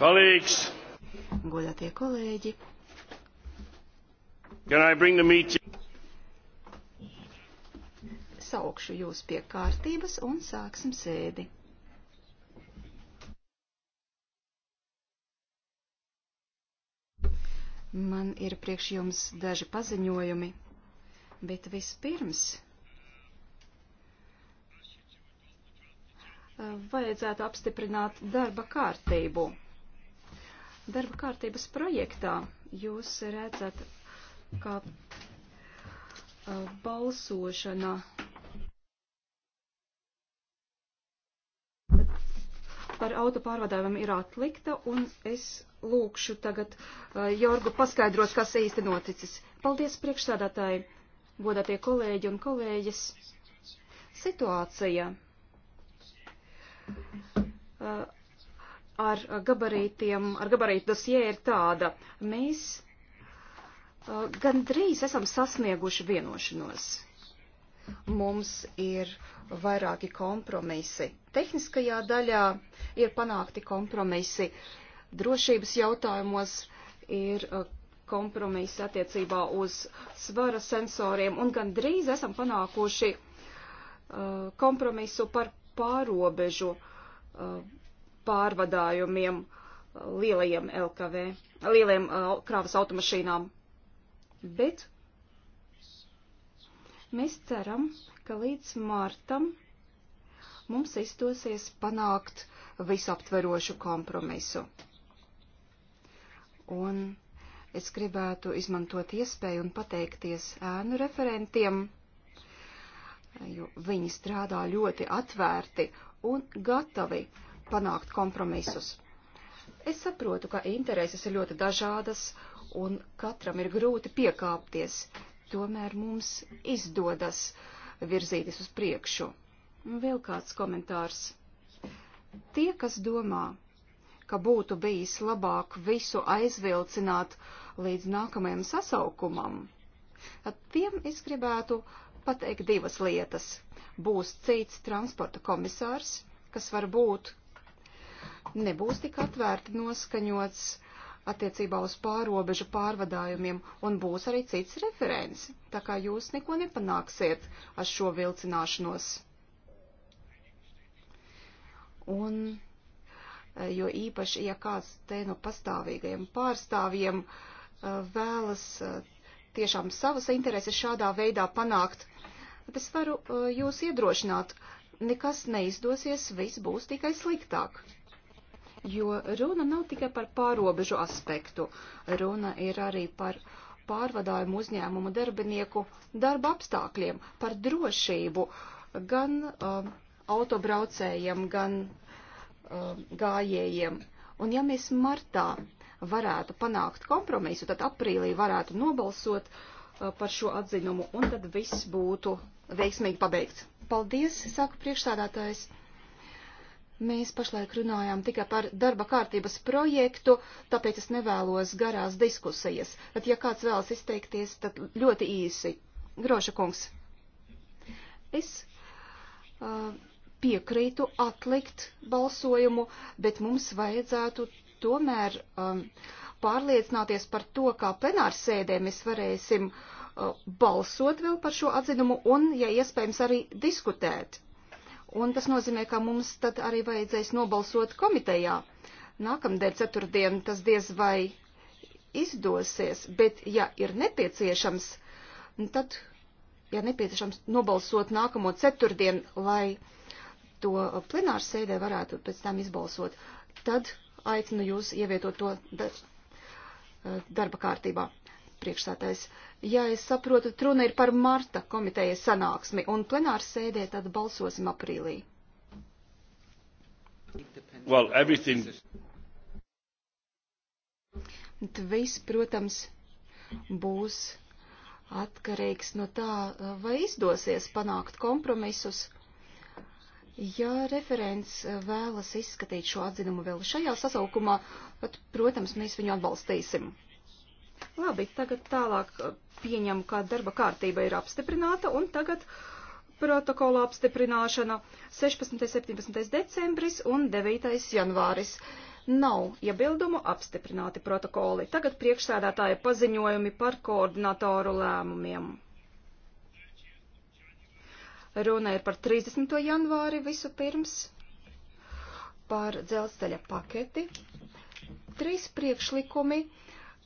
Kolēģis! Godātie kolēģi! Saukšu jūs pie kārtības un sāksim sēdi. Man ir priekš jums daži paziņojumi, bet vispirms eh, vajadzētu apstiprināt darba kārtību. Darba kārtības projektā jūs redzat, ka balsošana par auto pārvadājumiem ir atlikta, un es lūkšu tagad Jorgu paskaidros, kas īsti noticis. Paldies priekšsādātāji, godātie kolēģi un kolēģis. Situācija ar gabarītiem, ar gabarītu dosie ir tāda. Mēs uh, gandrīz esam sasnieguši vienošanos. Mums ir vairāki kompromisi. Tehniskajā daļā ir panākti kompromisi. Drošības jautājumos ir uh, kompromisi attiecībā uz svara sensoriem un gandrīz esam panākuši uh, kompromisu par pārobežu uh, pārvadājumiem lielajiem LKV, lielajiem uh, krāvas automašīnām. Bet mēs ceram, ka līdz martam mums izdosies panākt visaptverošu kompromisu. Un es gribētu izmantot iespēju un pateikties ēnu referentiem, jo viņi strādā ļoti atvērti un gatavi panākt kompromisus. Es saprotu, ka intereses ir ļoti dažādas un katram ir grūti piekāpties, tomēr mums izdodas virzīties uz priekšu. Un vēl kāds komentārs. Tie, kas domā, ka būtu bijis labāk visu aizvilcināt līdz nākamajam sasaukumam, tad tiem es gribētu pateikt divas lietas. Būs cits transporta komisārs, kas varbūt nebūs tik atvērti noskaņots attiecībā uz pārobežu pārvadājumiem un būs arī cits referents, tā kā jūs neko nepanāksiet ar šo vilcināšanos. Un, eh, jo īpaši, ja kāds te no pastāvīgajiem pārstāvjiem eh, vēlas eh, tiešām savas intereses šādā veidā panākt, tad es varu jūs iedrošināt, nekas neizdosies, viss būs tikai sliktāk jo runa nav tikai par pārobežu aspektu, runa ir arī par pārvadājumu uzņēmumu darbinieku darba apstākļiem, par drošību gan um, autobraucējiem, gan um, gājējiem. Un ja mēs martā varētu panākt kompromisu, tad aprīlī varētu nobalsot uh, par šo atzinumu, un tad viss būtu veiksmīgi pabeigts. Paldies, saka priekšstādātājs. Mēs pašlaik runājām tikai par darba kārtības projektu, tāpēc es nevēlos garās diskusijas. Bet, ja kāds vēlas izteikties, tad ļoti īsi. Groša kungs, es uh, piekrītu atlikt balsojumu, bet mums vajadzētu tomēr um, pārliecināties par to, kā plenārsēdē mēs varēsim uh, balsot vēl par šo atzinumu un, ja iespējams, arī diskutēt un tas nozīmē, ka mums tad arī vajadzēs nobalsot komitejā. Nākamdēļ ceturtdien tas diez vai izdosies, bet ja ir nepieciešams, nu tad, ja nepieciešams nobalsot nākamo ceturtdien, lai to plenāru sēdē varētu pēc tam izbalsot, tad aicinu jūs ievietot to darba kārtībā priekšstātais. Ja es saprotu, runa ir par marta komitejas sanāksmi, un plenāra sēdē tad balsosim aprīlī. Well, everything... Viss, protams, būs atkarīgs no tā, vai izdosies panākt kompromisus. Ja referents vēlas izskatīt šo atzinumu vēl šajā sasaukumā, tad, protams, mēs viņu atbalstīsim. Labi, tagad tālāk uh, pieņem, ka darba kārtība ir apstiprināta un tagad protokola apstiprināšana 16. 17. decembris un 9. janvāris. Nav iebildumu apstiprināti protokoli. Tagad priekšsēdētāja paziņojumi par koordinatoru lēmumiem. Runa ir par 30. janvāri visu pirms, par dzelzceļa paketi. Trīs priekšlikumi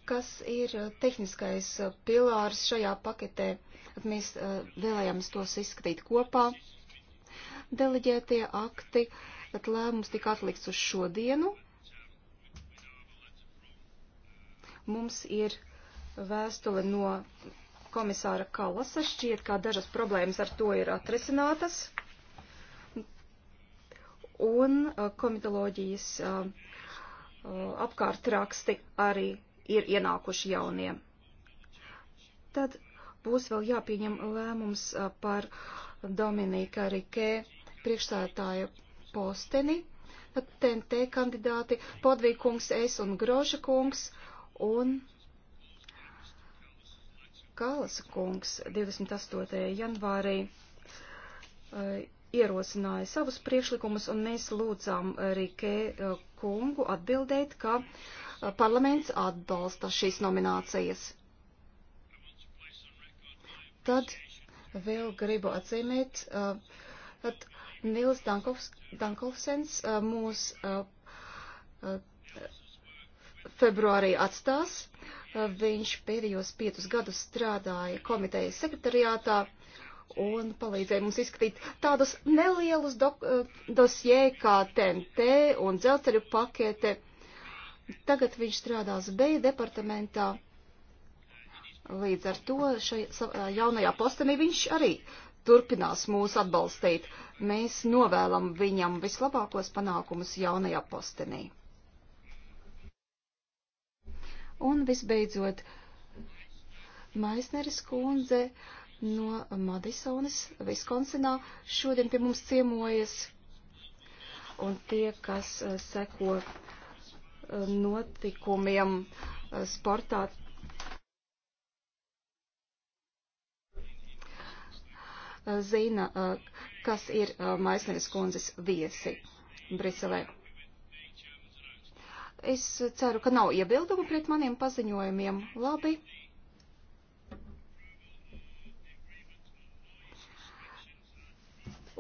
kas ir uh, tehniskais uh, pilārs šajā paketē. Mēs uh, vēlējāmies tos izskatīt kopā. Deleģētie akti, bet lēmums tika atlikts uz šodienu. Mums ir vēstule no komisāra Kalasa. Šķiet, kā dažas problēmas ar to ir atrisinātas. Un komitoloģijas apkārtraksti arī ir ienākuši jaunie. Tad būs vēl jāpieņem lēmums uh, par Dominika Rikē priekšsētāja posteni, tad TNT kandidāti Podvīkungs, es un Groša kungs un Kalas kungs 28. janvārī uh, ierosināja savus priekšlikumus, un mēs lūdzām Rikē uh, kungu atbildēt, ka uh, parlaments atbalsta šīs nominācijas. Tad vēl gribu atzīmēt, uh, tad Nils Dankovs, Dankovsens uh, mūs uh, februārī atstās. Viņš pēdējos piecus gadus strādāja komitejas sekretariātā un palīdzēja mums izskatīt tādus nelielus dosjē kā TNT un dzelceļu pakete. Tagad viņš strādās B departamentā. Līdz ar to šai jaunajā postenī viņš arī turpinās mūs atbalstīt. Mēs novēlam viņam vislabākos panākumus jaunajā postenī. Un visbeidzot, Maisneris kundze no Madisonas, Viskonsinā, šodien pie mums ciemojas. Un tie, kas seko notikumiem eh, sportā. Eh, Zina, eh, kas ir Maisneres kundzes viesi Briselē. Es ceru, ka nav iebildumu pret maniem paziņojumiem. Labi.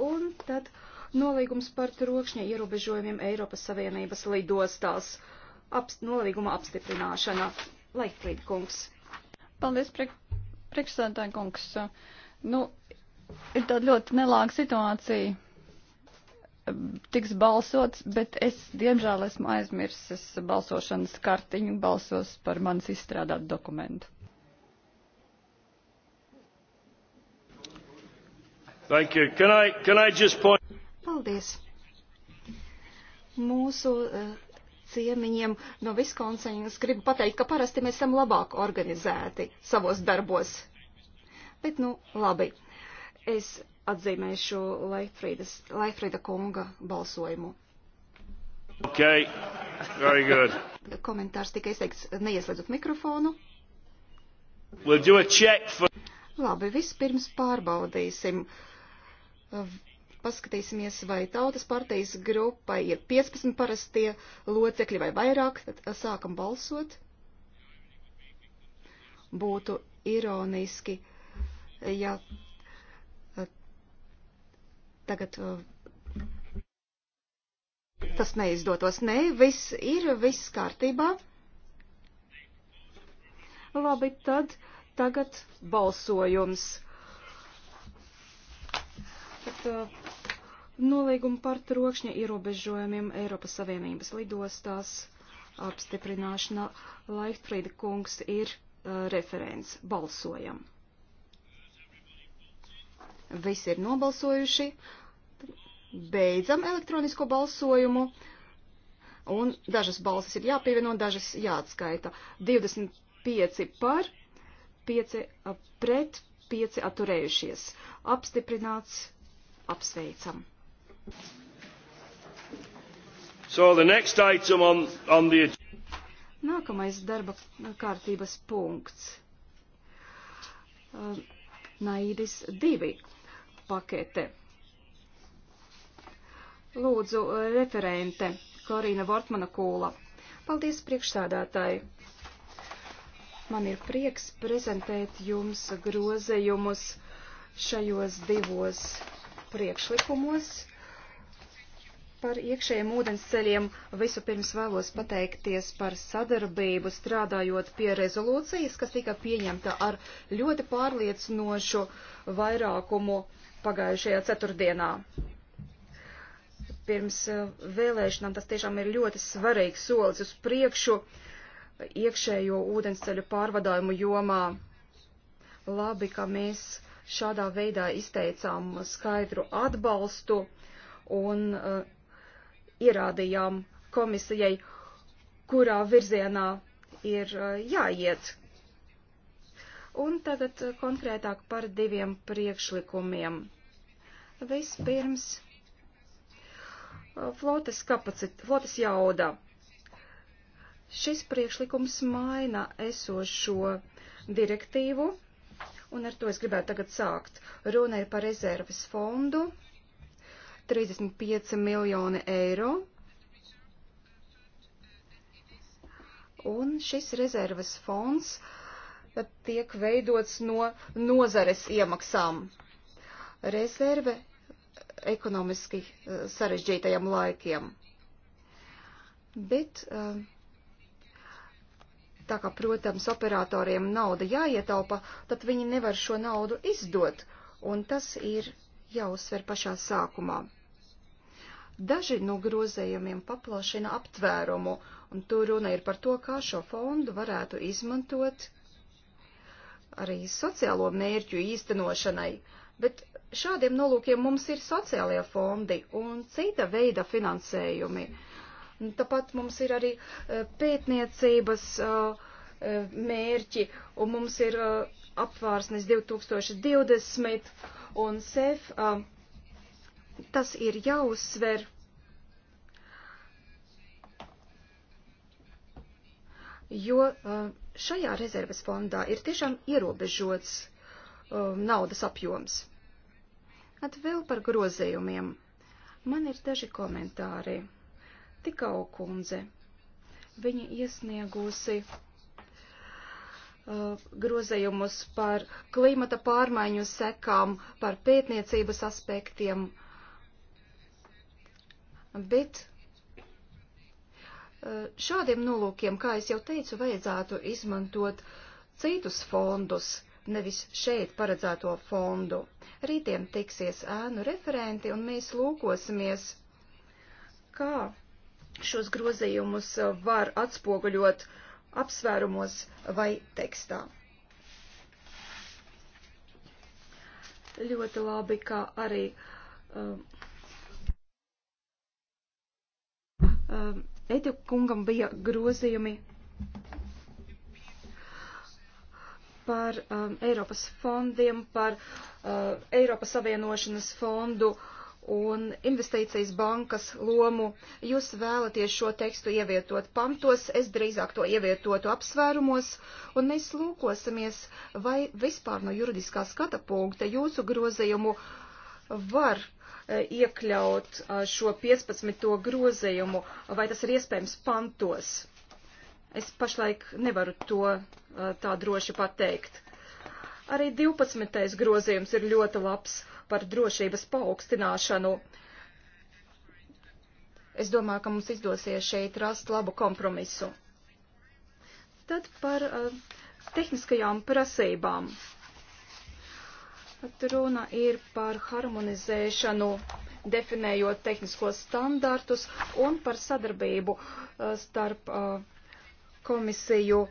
Un tad nolīgums par trokšņa ierobežojumiem Eiropas Savienības lidostās aps, nolīguma apstiprināšanā. Laiklīd kungs. Paldies, priek, priekšsēdētāji kungs. Nu, ir tāda ļoti nelāga situācija. Tiks balsots, bet es, diemžēl, esmu aizmirsis balsošanas kartiņu, balsos par manis izstrādātu dokumentu. Thank you. Can I, can I just point... Paldies. Mūsu uh, ciemiņiem no Viskonsiņas gribu pateikt, ka parasti mēs esam labāk organizēti savos darbos. Bet, nu, labi. Es atzīmēšu Leifrīdas, Leifrīda kunga balsojumu. Ok, very good. Komentārs tika izteikts neieslēdzot mikrofonu. We'll do a check for... Labi, vispirms pārbaudīsim Paskatīsimies, vai tautas partijas grupai ir 15 parastie locekļi vai vairāk. Tad eh, sākam balsot. Būtu ironiski, ja eh, tagad eh, tas neizdotos. Nē, ne, viss ir, viss kārtībā. Labi, tad tagad balsojums. Tad, uh, nolīgumu par trokšņa ierobežojumiem Eiropas Savienības lidostās apstiprināšana. Laiktfrīda kungs ir uh, referents. Balsojam. Visi ir nobalsojuši. Beidzam elektronisko balsojumu. Un dažas balsis ir jāpievieno, dažas jāatskaita. 25 par, 5 uh, pret, 5 atturējušies. Apstiprināts. Apsveicam. So the next item on, on the... Nākamais darba kārtības punkts. Uh, Naidis 2 pakete. Lūdzu, uh, referente Korīna Vortmana Kūla. Paldies priekšsādātāji. Man ir prieks prezentēt jums grozējumus šajos divos priekšlikumos Par iekšējiem ūdensceļiem visu pirms vēlos pateikties par sadarbību strādājot pie rezolūcijas, kas tika pieņemta ar ļoti pārliecinošu vairākumu pagājušajā ceturtdienā. Pirms eh, vēlēšanām tas tiešām ir ļoti svarīgs solis uz priekšu iekšējo ūdensceļu pārvadājumu jomā. Labi, ka mēs šādā veidā izteicām skaidru atbalstu un uh, ierādījām komisijai, kurā virzienā ir jāiet. Un tagad konkrētāk par diviem priekšlikumiem. Vispirms flotes, kapacit, flotes jauda. Šis priekšlikums maina esošo direktīvu, un ar to es gribētu tagad sākt. Runa ir par rezerves fondu, 35 miljoni eiro. Un šis rezerves fonds eh, tiek veidots no nozares iemaksām. Rezerve eh, ekonomiski eh, sarežģītajiem laikiem. Bet uh, Tā kā, protams, operatoriem nauda jāietaupa, tad viņi nevar šo naudu izdot, un tas ir jāuzsver pašā sākumā. Daži no grozējumiem paplašina aptvērumu, un tur runa ir par to, kā šo fondu varētu izmantot arī sociālo mērķu īstenošanai, bet šādiem nolūkiem mums ir sociālie fondi un cita veida finansējumi. Tāpat mums ir arī eh, pētniecības eh, eh, mērķi, un mums ir apvārsnes 2020 un SEF. Tas ir jāuzsver. Jo šajā rezerves fondā ir tiešām ierobežots naudas apjoms. Atvēl par grozējumiem. Man ir daži komentāri. Tikau kundze. Viņa iesniegusi Uh, grozējumus par klimata pārmaiņu sekām, par pētniecības aspektiem. Bet uh, šādiem nolūkiem, kā es jau teicu, vajadzētu izmantot citus fondus, nevis šeit paredzēto fondu. Rītdien tiksies ēnu referenti un mēs lūkosimies, kā šos grozījumus uh, var atspoguļot uh, apsvērumos vai tekstā. Ļoti labi, ka arī um, um, Etiku kungam bija grozījumi par um, Eiropas fondiem, par uh, Eiropas Savienošanas fondu uh, un investīcijas bankas lomu. Jūs vēlaties šo tekstu ievietot pamatos, es drīzāk to ievietotu apsvērumos, un mēs lūkosimies, vai vispār no juridiskā skata punkta jūsu grozījumu var e, iekļaut e, šo 15. grozījumu, vai tas ir iespējams pantos. Es pašlaik nevaru to e, tā droši pateikt. Arī 12. grozījums ir ļoti labs par drošības paaugstināšanu. Es domāju, ka mums izdosies šeit rast labu kompromisu. Tad par uh, tehniskajām prasībām. Tad runa ir par harmonizēšanu, definējot tehniskos standartus un par sadarbību uh, starp uh, komisiju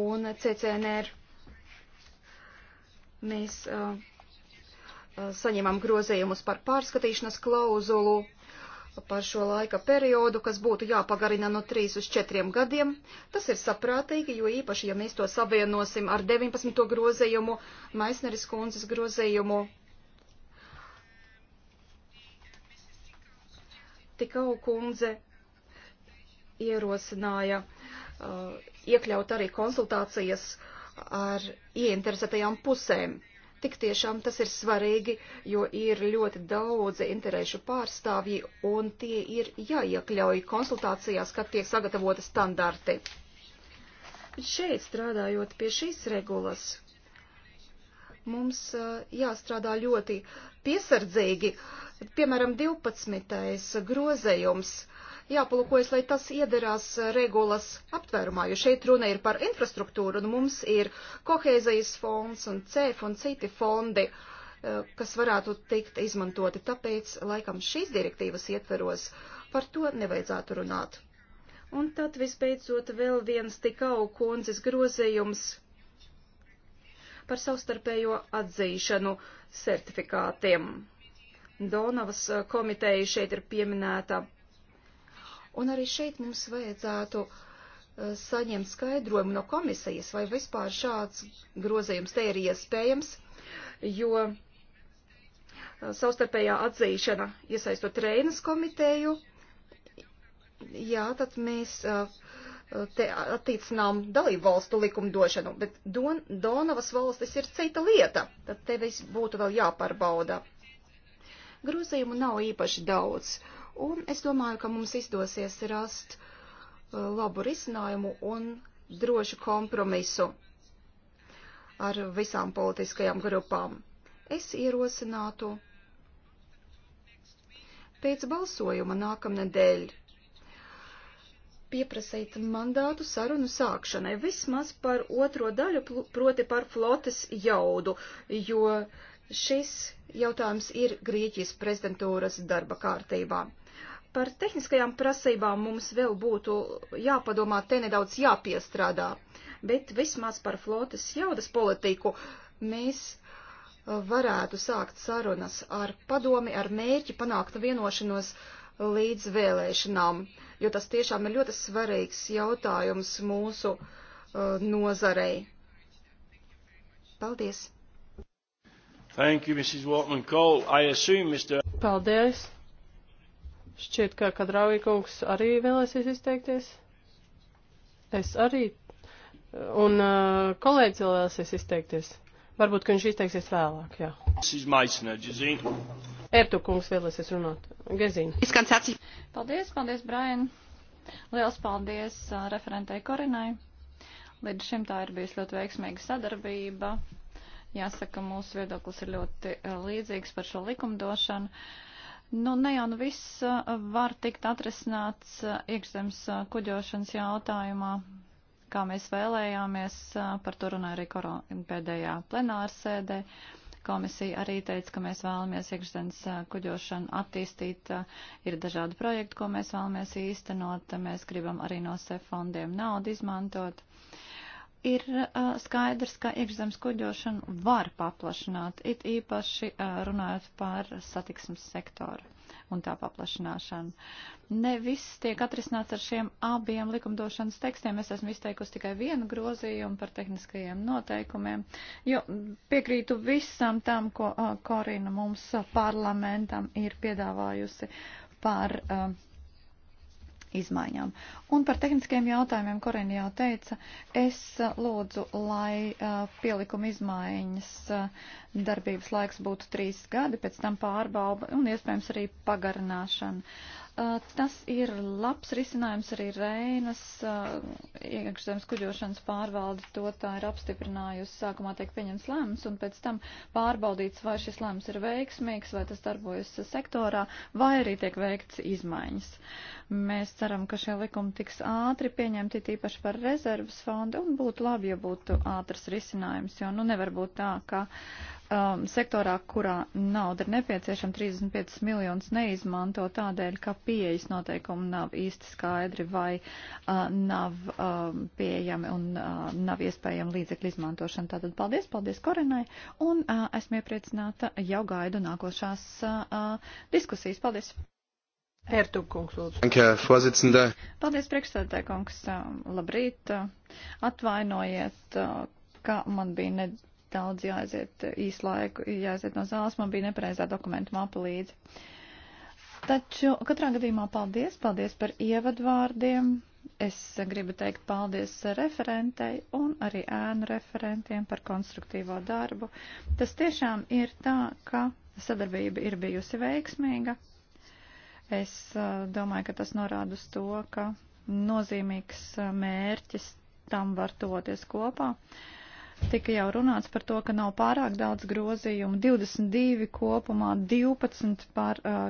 un CCNR. Mēs uh, Eh, saņemam grozījumus par pārskatīšanas klauzulu, par šo laika periodu, kas būtu jāpagarina no 3 uz 4 gadiem. Tas ir saprātīgi, jo īpaši, ja mēs to savienosim ar 19. grozījumu, Maisneris kundzes grozījumu. Tikau kundze ierosināja uh, iekļaut arī konsultācijas ar ieinteresētajām pusēm Tik tiešām tas ir svarīgi, jo ir ļoti daudzi interešu pārstāvji, un tie ir jāiekļauj konsultācijās, kad tiek sagatavota standarti. Šeit strādājot pie šīs regulas, mums jāstrādā ļoti piesardzīgi. Piemēram, 12. grozējums uh, jāpalūkojas, lai tas iederās eh, regulas aptvērumā, jo šeit runa ir par infrastruktūru, un mums ir kohēzijas fonds un CEF un citi fondi, eh, kas varētu tikt izmantoti. Tāpēc, laikam, šīs direktīvas ietveros par to nevajadzētu runāt. Un tad visbeidzot vēl viens tikau kundzes grozījums par savstarpējo atzīšanu certifikātiem. Donavas eh, komiteja šeit ir pieminēta Un arī šeit mums vajadzētu eh, saņemt skaidrojumu no komisijas, vai vispār šāds grozījums te ir iespējams, jo eh, savstarpējā atzīšana iesaistot Reinas komiteju, jā, tad mēs eh, te attīcinām dalību valstu likumdošanu, bet Don Donavas valstis ir cita lieta, tad te viss būtu vēl jāpārbauda. Grozījumu nav īpaši daudz. Uh, un es domāju, ka mums izdosies rast uh, labu risinājumu un drošu kompromisu ar visām politiskajām grupām. Es ierosinātu pēc balsojuma nākamnedēļ pieprasīt mandātu sarunu sākšanai, vismaz par otro daļu, proti par flotes jaudu, jo šis jautājums ir Grieķijas prezidentūras darba kārtībā. Par tehniskajām prasībām mums vēl būtu jāpadomā, te nedaudz jāpiestrādā, bet vismaz par flotes jaudas politiku mēs uh, varētu sākt sarunas ar padomi ar mērķi panākt vienošanos līdz vēlēšanām, jo tas tiešām ir ļoti svarīgs jautājums mūsu uh, nozarei. Paldies! Thank you, Mrs. Waltman Cole. I assume, Mr. Paldies! Šķiet, ka Kadraujikungs arī vēlēsies izteikties. Es arī. Un uh, kolēģis vēlēsies izteikties. Varbūt, ka viņš izteiksies vēlāk, jā. Ertu kungs vēlēsies runāt. Gezīna. Paldies, paldies, Brian. Liels paldies uh, referentei Korinai. Līdz šim tā ir bijusi ļoti veiksmīga sadarbība. Jāsaka, mūsu viedoklis ir ļoti uh, līdzīgs par šo likumdošanu. Uh, Nu, ne jau nu viss uh, var tikt atrisināts uh, iekšzemes uh, kuģošanas jautājumā, kā mēs vēlējāmies, par to runāja arī korona, pēdējā plenāra sēdē. Komisija arī teica, ka mēs vēlamies iekšzemes kuģošanu attīstīt, ir dažādi projekti, ko mēs vēlamies īstenot, mēs gribam arī no SEF fondiem naudu izmantot. Uh, Ir uh, skaidrs, ka iekšzemes kuģošanu var paplašināt, it īpaši uh, runājot par satiksmes sektoru un tā paplašināšanu. Ne viss tiek atrisināts ar šiem abiem likumdošanas tekstiem. Es esmu izteikusi tikai vienu grozījumu par tehniskajiem noteikumiem, jo piekrītu visam tam, ko uh, Korina mums parlamentam ir piedāvājusi par. Uh, izmaiņām. Un par tehniskiem jautājumiem Korina jau teica, es uh, lūdzu, lai uh, pielikuma izmaiņas uh, darbības laiks būtu trīs gadi, pēc tam pārbauda un iespējams arī pagarināšana. Tas ir labs risinājums arī Reinas iekšzemes kuģošanas pārvalde. To tā ir apstiprinājusi. Sākumā tiek pieņemts lēmums un pēc tam pārbaudīts, vai šis lēmums ir veiksmīgs, vai tas darbojas sektorā, vai arī tiek veikts izmaiņas. Mēs ceram, ka šie likumi tiks ātri pieņemti, tīpaši par rezervas fondu, un būtu labi, ja būtu ātrs risinājums, jo nu nevar būt tā, ka um, sektorā, kurā nauda ir nepieciešama, 35 miljonus neizmanto tādēļ, ka pieejas noteikumi nav īsti skaidri vai uh, nav um, pieejami un uh, nav iespējama līdzekļu izmantošana. Tātad paldies, paldies Korinai un uh, esmu iepriecināta, jau gaidu nākošās uh, diskusijas. Paldies! Ertugkungs, lūdzu. Paldies, priekšstādātāj kungs. Um, labrīt. Uh, atvainojiet, uh, ka man bija ne daudz jāaiziet īsu laiku, jāaiziet no zāles, man bija nepareizā dokumentu mapa līdzi. Taču katrā gadījumā paldies, paldies par ievadvārdiem. Es gribu teikt paldies referentei un arī ēnu referentiem par konstruktīvo darbu. Tas tiešām ir tā, ka sadarbība ir bijusi veiksmīga. Es uh, domāju, ka tas norāda uz to, ka nozīmīgs uh, mērķis tam var toties kopā. Uh, Tika jau runāts par to, ka nav pārāk daudz grozījumu, 22 kopumā, 12 par uh,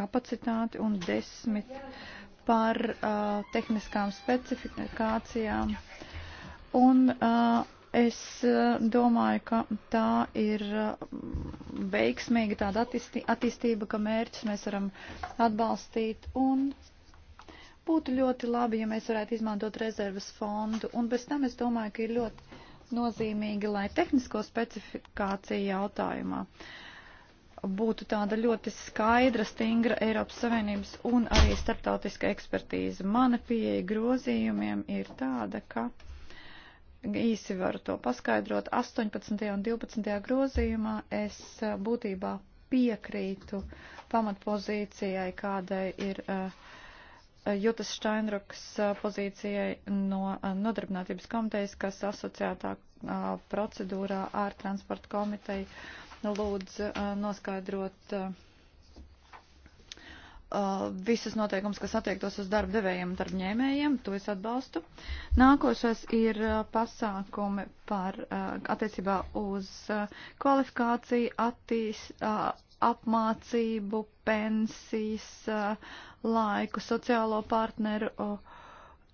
kapacitāti un 10 par uh, tehniskām specifikācijām. Un uh, es uh, domāju, ka tā ir uh, veiksmīga tāda attīsti, attīstība, ka mērķus mēs varam atbalstīt un būtu ļoti labi, ja mēs varētu izmantot rezervas fondu. Un bez tam es domāju, ka ir ļoti ļoti nozīmīgi, lai tehnisko specifikāciju jautājumā būtu tāda ļoti skaidra, stingra Eiropas Savienības un arī starptautiska ekspertīze. Mana pieeja grozījumiem ir tāda, ka īsi varu to paskaidrot. 18. un 12. grozījumā es būtībā piekrītu pamatpozīcijai, kādai ir uh, Jutas Štainrukas pozīcijai no nodarbinātības komitejas, kas asociētā procedūrā ar transporta komiteju lūdz noskaidrot visas noteikums, kas attiektos uz darba devējiem un darbņēmējiem, to es atbalstu. Nākošais ir pasākumi par attiecībā uz kvalifikāciju, attīs, apmācību, pensijas eh, laiku, sociālo partneru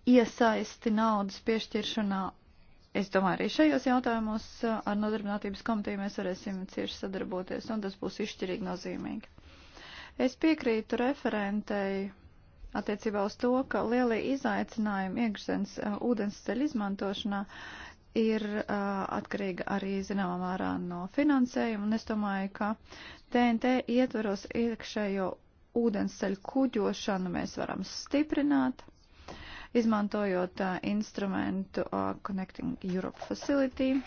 iesaisti naudas piešķiršanā. Es domāju, arī šajos jautājumos eh, ar nodarbinātības komiteju mēs varēsim cieši sadarboties, un tas būs izšķirīgi nozīmīgi. Es piekrītu referentei attiecībā uz to, ka lielie izaicinājumi iekšzemes eh, ūdens ceļu izmantošanā ir uh, atkarīga arī zināmā mērā no finansējuma, un es domāju, ka TNT ietveros iekšējo ūdensceļu kuģošanu mēs varam stiprināt, izmantojot uh, instrumentu uh, Connecting Europe Facility.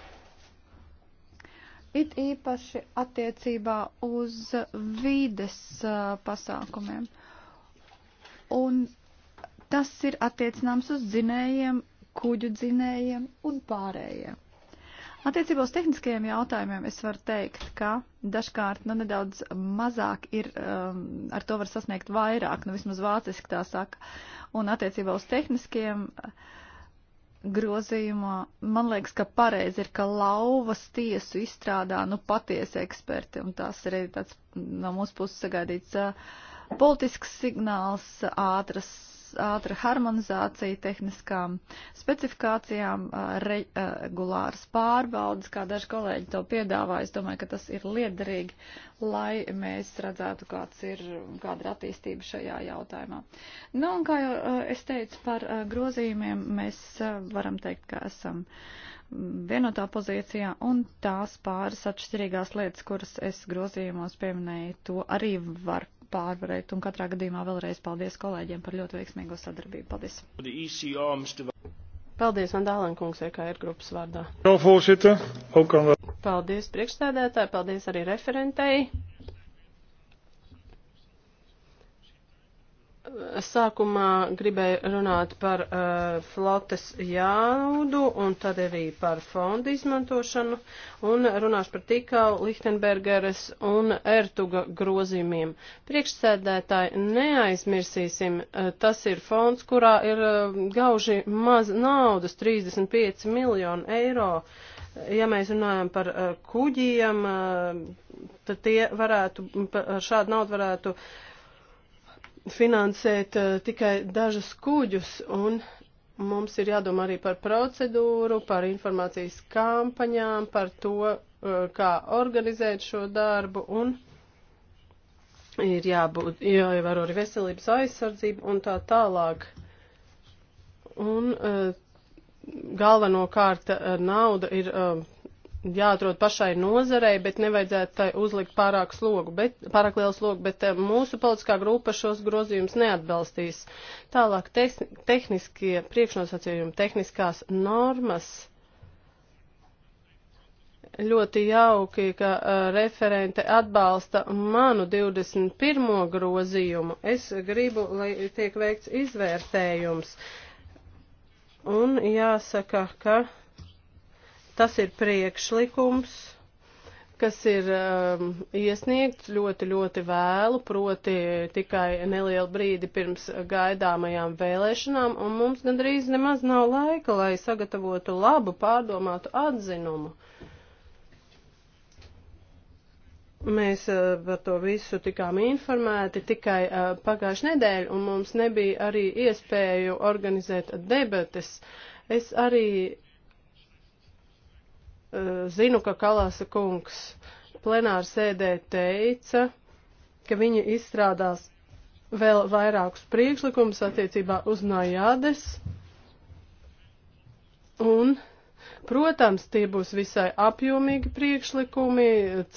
It īpaši attiecībā uz vides uh, pasākumiem. Un tas ir attiecināms uz dzinējiem kuģu dzinējiem un pārējiem. Attiecībā uz tehniskajiem jautājumiem es varu teikt, ka dažkārt nu, nedaudz mazāk ir, um, ar to var sasniegt vairāk, nu vismaz vāciski tā saka. Un attiecībā uz tehniskajiem uh, grozījumā, man liekas, ka pareizi ir, ka lauvas tiesu izstrādā nu patiesi eksperti, un tas ir tāds no mūsu puses sagaidīts uh, politisks signāls, ātras ātra harmonizācija tehniskām specifikācijām, regulāras pārbaudas, kā daži kolēģi to piedāvā. Es domāju, ka tas ir liederīgi, lai mēs redzētu, kāds ir, kāda ir attīstība šajā jautājumā. Nu, un kā jau es teicu par grozījumiem, mēs varam teikt, ka esam vienotā pozīcijā un tās pāris atšķirīgās lietas, kuras es grozījumos pieminēju, to arī var pārvarēt. Un katrā gadījumā vēlreiz paldies kolēģiem par ļoti veiksmīgo sadarbību. Paldies! Paldies, Vandālenkungs, EKR grupas vārdā. Paldies, priekšstādētāji, paldies arī referentei. sākumā gribēju runāt par uh, flotes jaudu un tad arī par fondu izmantošanu un runāšu par Tikau, Lichtenbergeres un Ertuga grozījumiem. Priekšsēdētāji neaizmirsīsim, uh, tas ir fonds, kurā ir uh, gauži maz naudas, 35 miljonu eiro. Ja mēs runājam par uh, kuģiem, uh, tad tie varētu, par šādu naudu varētu uh, finansēt eh, tikai dažus kuģus un mums ir jādomā arī par procedūru, par informācijas kampaņām, par to, eh, kā organizēt šo darbu un ir jābūt, jāievēro arī veselības aizsardzība un tā tālāk. Un eh, galvenokārt nauda ir jāatrod pašai nozarei, bet nevajadzētu tai uzlikt pārāk, slogu, bet, pārāk lielu slogu, bet eh, mūsu politiskā grupa šos grozījumus neatbalstīs. Tālāk tehniskie priekšnosacījumi, tehniskās normas. Ļoti jauki, ka uh, referente atbalsta manu 21. grozījumu. Es gribu, lai tiek veikts izvērtējums. Un jāsaka, ka. Uh, Tas ir priekšlikums, kas ir um, iesniegts ļoti, ļoti vēlu, proti tikai nelielu brīdi pirms gaidāmajām vēlēšanām, un mums gandrīz nemaz nav laika, lai sagatavotu labu, pārdomātu atzinumu. Mēs uh, par to visu tikām informēti tikai uh, pagājušajā nedēļā, un mums nebija arī iespēju organizēt debates. Es arī Zinu, ka Kalāsa kungs plenāra sēdē teica, ka viņi izstrādās vēl vairākus priekšlikumus attiecībā uz Najādes. Un, protams, tie būs visai apjomīgi priekšlikumi.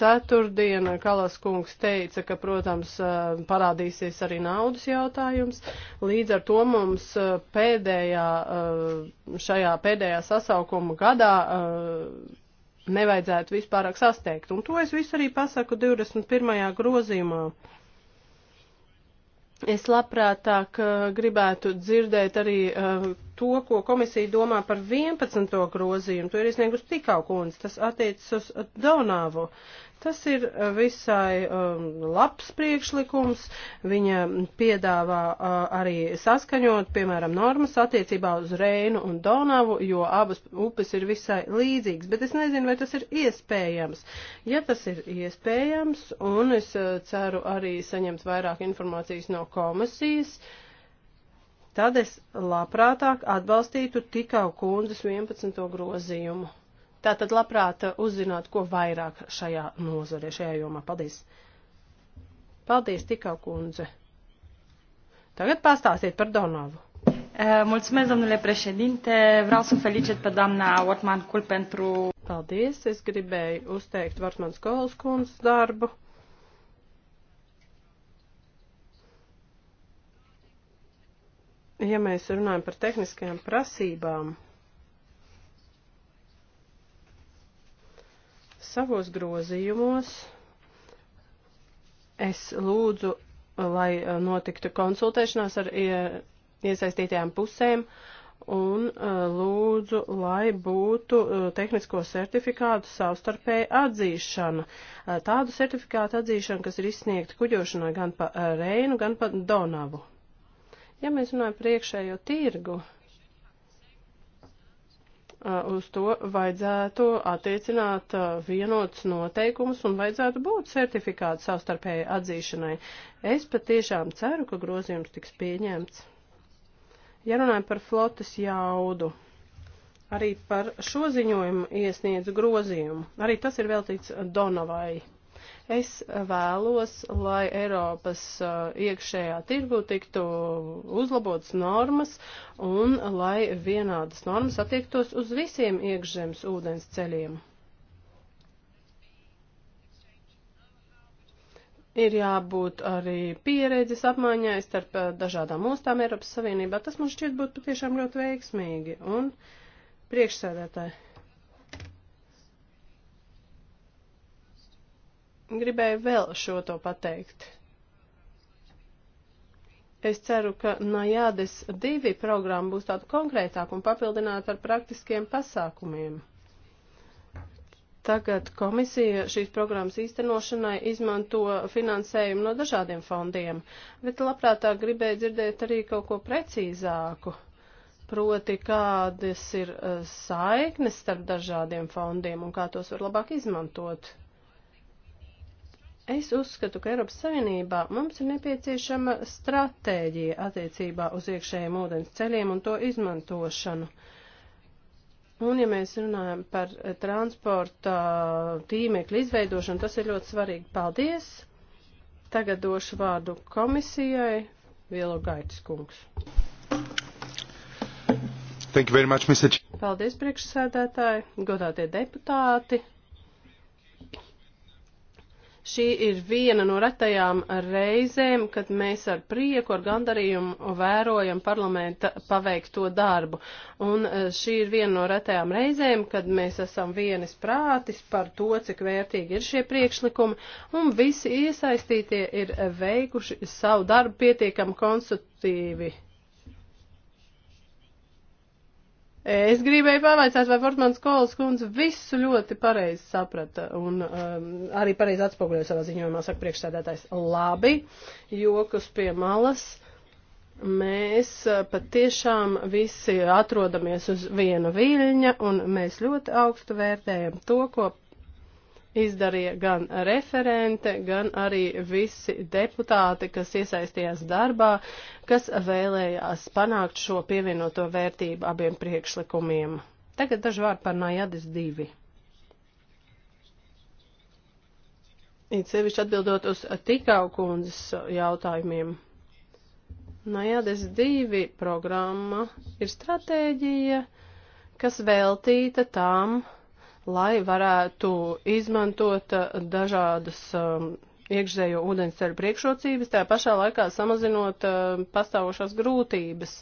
Ceturtdiena Kalas kungs teica, ka, protams, parādīsies arī naudas jautājums. Līdz ar to mums pēdējā, šajā pēdējā sasaukuma gadā nevajadzētu vispārāk sasteigt. Un to es visu arī pasaku 21. grozījumā. Es labprātāk uh, gribētu dzirdēt arī uh, to, ko komisija domā par 11. grozījumu. To ir iesniegus tikau kundze, tas attiecas uz Donāvu. Tas ir eh, visai um, labs priekšlikums. Viņa piedāvā uh, arī saskaņot, piemēram, normas attiecībā uz Reinu un Donavu, jo abas upes ir visai līdzīgas. Bet es nezinu, vai tas ir iespējams. Ja tas ir iespējams, un es uh, ceru arī saņemt vairāk informācijas no komisijas, tad es labprātāk atbalstītu tikau kundzes 11. grozījumu. Tātad labprāt uzzināt, ko vairāk šajā nozarē, šajā jomā. Paldies! Paldies, tikau kundze! Tagad pastāstiet par Donavu. Eh, mulțumesc, domnule președinte. Vreau să felicit pe doamna Ortman Kul pentru... Paldies, es gribēju uzteikt Vartmans Kols kundzes darbu. Ja mēs runājam par tehniskajām prasībām, Savos grozījumos es lūdzu, lai e, notiktu konsultēšanās ar iesaistītajām pusēm un e, lūdzu, lai būtu e, tehnisko certifikātu savstarpēja atzīšana. Tādu certifikātu atzīšana, kas ir izsniegta kuģošanā gan pa Reinu, gan pa Donavu. Ja mēs runājam priekšējo tirgu, Eh, uz to vajadzētu attiecināt eh, vienotus noteikumus un vajadzētu būt certifikātu savstarpēji atzīšanai. Es patiešām ceru, ka grozījums tiks pieņemts. Ja runājam par flotas jaudu, arī par šo ziņojumu iesniedzu grozījumu. Arī tas ir veltīts Donavai. Es vēlos, lai Eiropas iekšējā tirgu tiktu uzlabotas normas un lai vienādas normas attiektos uz visiem iekšzemes ūdens ceļiem. Ir jābūt arī pieredzes apmaiņai starp dažādām ostām Eiropas Savienībā. Tas man šķiet būtu patiešām ļoti veiksmīgi. Un priekšsēdētāji. Gribēju vēl šo to pateikt. Es ceru, ka Najādes divi programma būs tāda konkrētāka un papildināta ar praktiskiem pasākumiem. Tagad komisija šīs programmas īstenošanai izmanto finansējumu no dažādiem fondiem, bet labprātāk gribēja dzirdēt arī kaut ko precīzāku, proti kādas ir eh, saiknes starp dažādiem fondiem un kā tos var labāk izmantot. Es uzskatu, ka Eiropas Savienībā mums ir nepieciešama stratēģija attiecībā uz iekšējiem ūdens ceļiem un to izmantošanu. Un, ja mēs runājam par transporta tīmekļa izveidošanu, tas ir ļoti svarīgi. Paldies! Tagad došu vārdu komisijai Vielu Gaitis kungs. Thank you very much, Mr. Paldies, priekšsēdētāji, godātie deputāti! Šī ir viena no retajām reizēm, kad mēs ar prieku, ar gandarījumu vērojam parlamenta paveikto darbu. Un e, šī ir viena no retajām reizēm, kad mēs esam vienis prātis par to, cik vērtīgi ir šie priekšlikumi, un visi iesaistītie ir veikuši savu darbu pietiekam konstruktīvi. Es gribēju pavaicāt, vai Fortmans Kols kundze visu ļoti pareizi saprata un um, arī pareizi atspoguļoja savā ziņojumā, saka priekšsēdētājs. Labi, jokus pie malas. Mēs uh, patiešām visi atrodamies uz viena viļņa un mēs ļoti augstu vērtējam to, ko izdarīja gan referente, gan arī visi deputāti, kas iesaistījās darbā, kas vēlējās panākt šo pievienoto vērtību abiem priekšlikumiem. Tagad daži vārdi par Najadis divi. It sevišķi atbildot uz tikau kundzes jautājumiem. Najadis divi programma ir stratēģija, kas veltīta tām, lai varētu izmantot uh, dažādas um, iekšzējo ūdensceļu priekšrocības, tā pašā laikā samazinot uh, pastāvošās grūtības.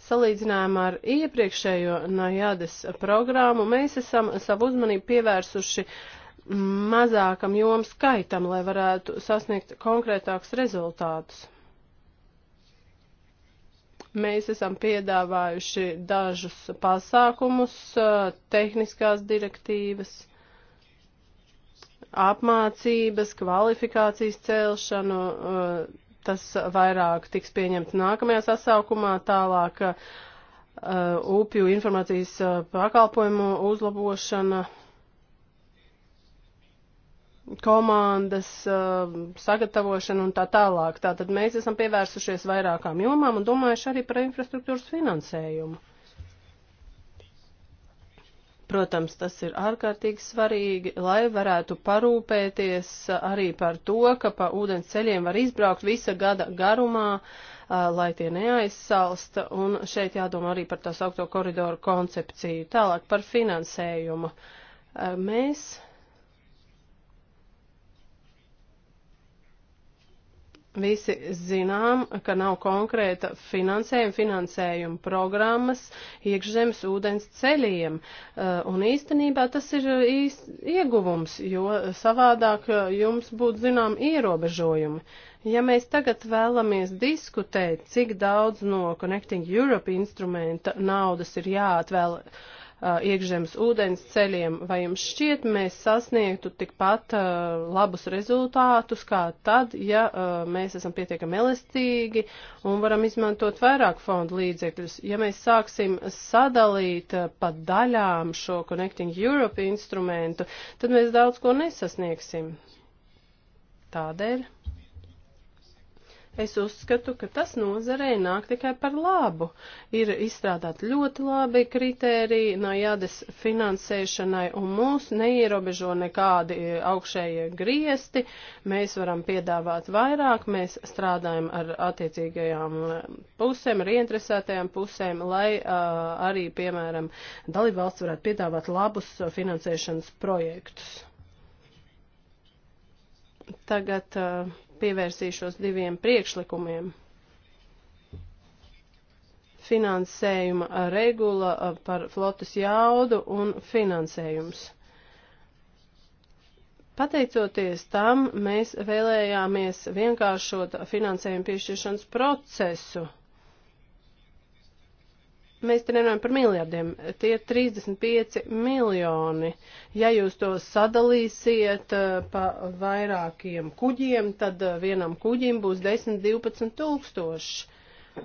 Salīdzinājumā ar iepriekšējo Najādes programmu mēs esam savu uzmanību pievērsuši mazākam jomu skaitam, lai varētu sasniegt konkrētākus rezultātus. Mēs esam piedāvājuši dažus pasākumus, tehniskās direktīvas, apmācības, kvalifikācijas celšanu. Tas vairāk tiks pieņemts nākamajā sasaukumā, tālāk upju informācijas pakalpojumu uzlabošana komandas uh, sagatavošana un tā tālāk. Tātad mēs esam pievērsušies vairākām jomām un domājuši arī par infrastruktūras finansējumu. Protams, tas ir ārkārtīgi svarīgi, lai varētu parūpēties arī par to, ka pa ūdens ceļiem var izbraukt visa gada garumā, uh, lai tie neaizsalsta, un šeit jādomā arī par tā saukto koridoru koncepciju. Tālāk par finansējumu. Uh, mēs Visi zinām, ka nav konkrēta finansējuma, finansējuma programmas iekšzemes ūdens ceļiem, eh, un īstenībā tas ir īst ieguvums, jo savādāk eh, jums būtu zinām ierobežojumi. Ja mēs tagad vēlamies diskutēt, cik daudz no Connecting Europe instrumenta naudas ir jāatvēl uh, iekšzemes ūdens ceļiem, vai jums šķiet, mēs sasniegtu tikpat uh, labus rezultātus, kā tad, ja uh, mēs esam pietiekami elastīgi un varam izmantot vairāk fondu līdzekļus. Ja mēs sāksim sadalīt uh, pa daļām šo Connecting Europe instrumentu, tad mēs daudz ko nesasniegsim. Tādēļ. Es uzskatu, ka tas nozarei nāk tikai par labu. Ir izstrādāt ļoti labi kritēriji no jādes finansēšanai, un mūs neierobežo nekādi e, augšējie griesti. Mēs varam piedāvāt vairāk, mēs strādājam ar attiecīgajām e, pusēm, ar ieinteresētajām pusēm, lai uh, arī, piemēram, dalībvalsts varētu piedāvāt labus finansēšanas projektus. Tagad. Uh, pievērsīšos diviem priekšlikumiem. Finansējuma regula par flotas jaudu un finansējums. Pateicoties tam, mēs vēlējāmies vienkāršot finansējumu piešķiršanas procesu Mēs te nerunājam par miljardiem, tie ir 35 miljoni. Ja jūs to sadalīsiet eh, pa vairākiem kuģiem, tad eh, vienam kuģim būs 10-12 tūkstoši.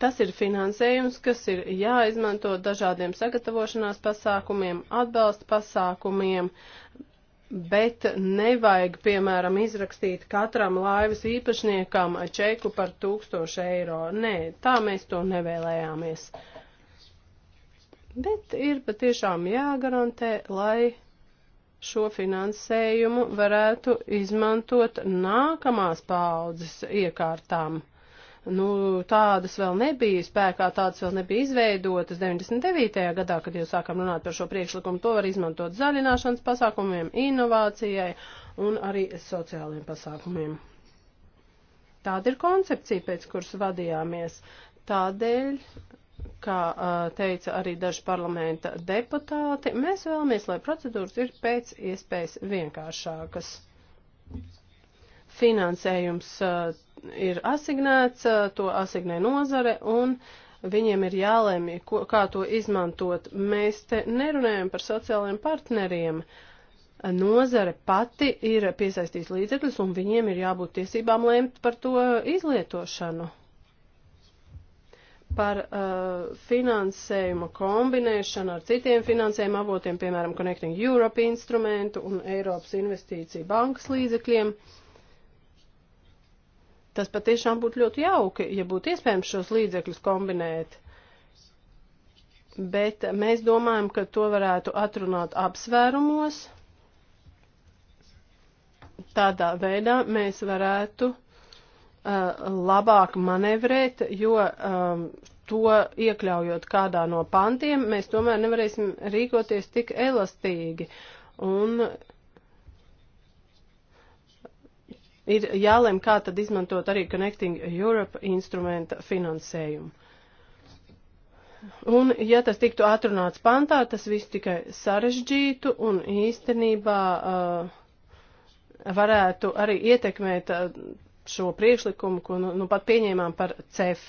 Tas ir finansējums, kas ir jāizmanto dažādiem sagatavošanās pasākumiem, atbalsta pasākumiem, Bet nevajag, piemēram, izrakstīt katram laivas īpašniekam čeku par tūkstošu eiro. Nē, tā mēs to nevēlējāmies. Bet ir patiešām jāgarantē, lai šo finansējumu varētu izmantot nākamās paaudzes iekārtām. Nu, tādas vēl nebija spēkā, tādas vēl nebija izveidotas 99. gadā, kad jau sākam runāt par šo priekšlikumu. To var izmantot zaļināšanas pasākumiem, inovācijai un arī sociāliem pasākumiem. Tāda ir koncepcija, pēc kuras vadījāmies. Tādēļ, kā teica arī daži parlamenta deputāti, mēs vēlamies, lai procedūras ir pēc iespējas vienkāršākas. Yes finansējums eh, ir asignēts, eh, to asignē nozare un viņiem ir jālēmj, kā to izmantot. Mēs te nerunājam par sociālajiem partneriem. Nozare pati ir piesaistījusi līdzekļus un viņiem ir jābūt tiesībām lēmt par to izlietošanu. Par uh, finansējumu kombinēšanu ar citiem finansējuma avotiem, piemēram, Connecting Europe instrumentu un Eiropas investīciju bankas līdzekļiem. Uh, Tas patiešām būtu ļoti jauki, ja būtu iespējams šos līdzekļus kombinēt. Bet mēs domājam, ka to varētu atrunāt apsvērumos. Tādā veidā mēs varētu uh, labāk manevrēt, jo um, to iekļaujot kādā no pantiem, mēs tomēr nevarēsim rīkoties tik elastīgi. Un uh, ir jālem, kā tad izmantot arī Connecting Europe instrumenta finansējumu. Un, ja tas tiktu atrunāts pantā, tas viss tikai sarežģītu un īstenībā uh, varētu arī ietekmēt uh, šo priekšlikumu, ko nu, nu pat pieņēmām par CEF.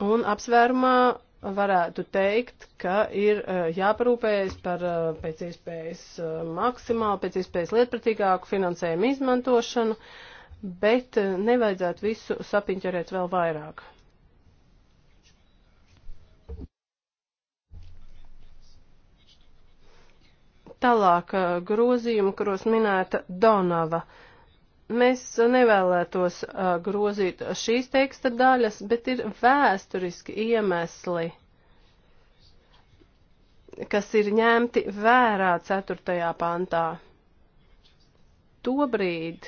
Un apsvērumā varētu teikt, ka ir e, jāparūpējas par e, pēc iespējas e, maksimāli, pēc iespējas lietpratīgāku finansējumu izmantošanu, bet nevajadzētu visu sapiņķerēt vēl vairāk. Tālāk grozījumi, kuros minēta Donava. Uh, Mēs nevēlētos uh, grozīt šīs teksta daļas, bet ir vēsturiski iemesli, kas ir ņemti vērā 4. pantā. Tobrīd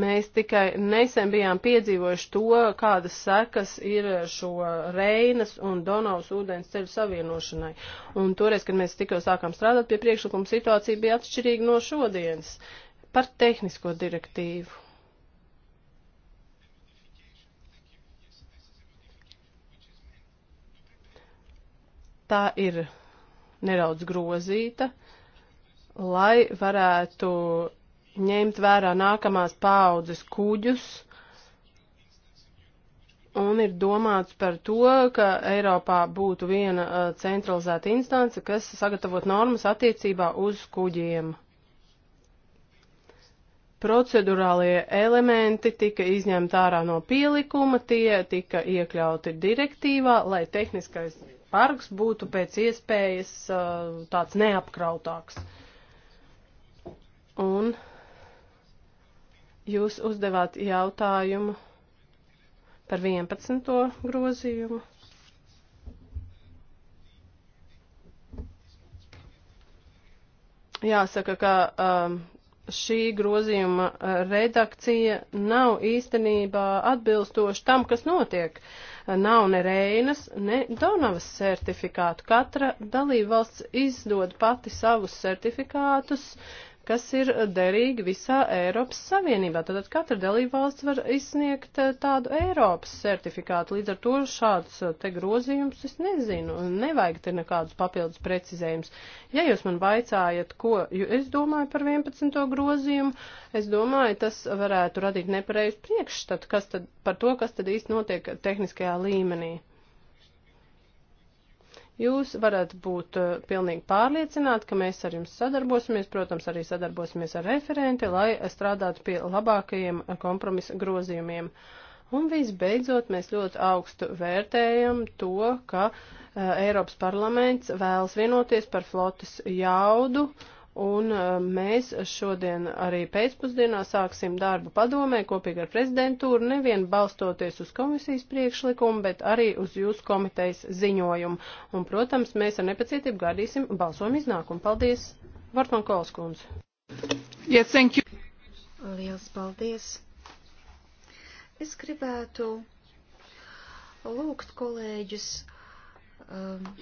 Mēs tikai nesen bijām piedzīvojuši to, kādas sekas ir šo Reinas un Donavas ūdens ceļu savienošanai. Un toreiz, kad mēs tikko sākām strādāt pie priekšlikuma, situācija bija atšķirīga no šodienas par tehnisko direktīvu. tā ir nedaudz grozīta, lai varētu ņemt vērā nākamās paaudzes kuģus un ir domāts par to, ka Eiropā būtu viena uh, centralizēta instance, kas sagatavot normas attiecībā uz kuģiem. Procedurālie elementi tika izņemti ārā no pielikuma, tie tika iekļauti direktīvā, lai tehniskais parks būtu pēc iespējas uh, tāds neapkrautāks. Un Jūs uzdevāt jautājumu par 11. grozījumu. Jāsaka, ka um, šī grozījuma redakcija nav īstenībā atbilstoša tam, kas notiek. Nav ne Reinas, ne Donavas certifikātu. Katra dalībvalsts izdod pati savus certifikātus, uh, kas ir derīgi visā Eiropas Savienībā. Tātad katra dalībvalsts var izsniegt eh, tādu Eiropas certifikātu. Līdz ar to šāds eh, te grozījums es nezinu. Nevajag te nekādus papildus precizējumus. Ja jūs man vaicājat, ko es domāju par 11. grozījumu, es domāju, tas varētu radīt nepareizu priekšstatu, kas tad par to, kas tad īsti notiek tehniskajā līmenī. Jūs varat būt uh, pilnīgi pārliecināti, ka mēs ar jums sadarbosimies, protams, arī sadarbosimies ar referenti, lai strādātu pie labākajiem eh, kompromisa grozījumiem. Un visbeidzot, mēs ļoti augstu vērtējam to, ka uh, Eiropas parlaments vēlas vienoties par flotas jaudu. Uh, Un uh, mēs šodien arī pēcpusdienā sāksim darbu padomē kopīgi ar prezidentūru, nevien balstoties uz komisijas priekšlikumu, bet arī uz jūsu komitejas ziņojumu. Un, protams, mēs ar nepacietību gaidīsim balsojumu iznākumu. Paldies, Vartman Kolskundze. Yeah, thank you. Liels paldies. Es gribētu lūgt kolēģus. Um,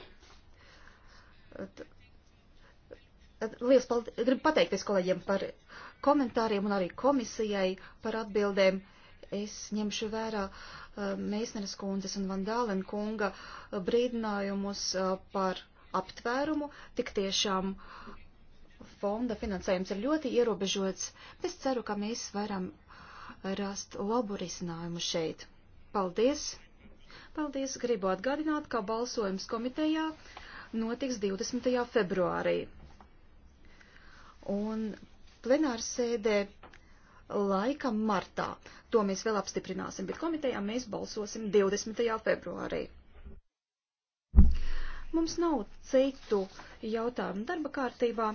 Liels paldies, gribu pateikties kolēģiem par komentāriem un arī komisijai par atbildēm. Es ņemšu vērā uh, Meisneres kundzes un Vandālen kunga uh, brīdinājumus uh, par aptvērumu. Tik tiešām fonda finansējums ir ļoti ierobežots. Es ceru, ka mēs varam rast labu risinājumu šeit. Paldies! Paldies! Gribu atgādināt, ka balsojums komitejā notiks 20. februārī un plenārsēdē laikam martā. To mēs vēl apstiprināsim, bet komitejā mēs balsosim 20. februārī. Mums nav citu jautājumu darba kārtībā.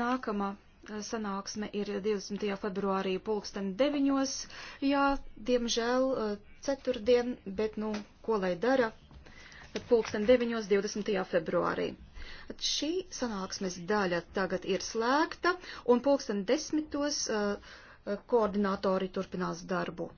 Nākamā eh, sanāksme ir 20. februārī pulksten 9. Jā, diemžēl eh, ceturtdien, bet nu, ko lai dara? Pulksten 9. 20. februārī. Šī sanāksmes daļa tagad ir slēgta, un pulksten desmitos uh, uh koordinatori turpinās darbu.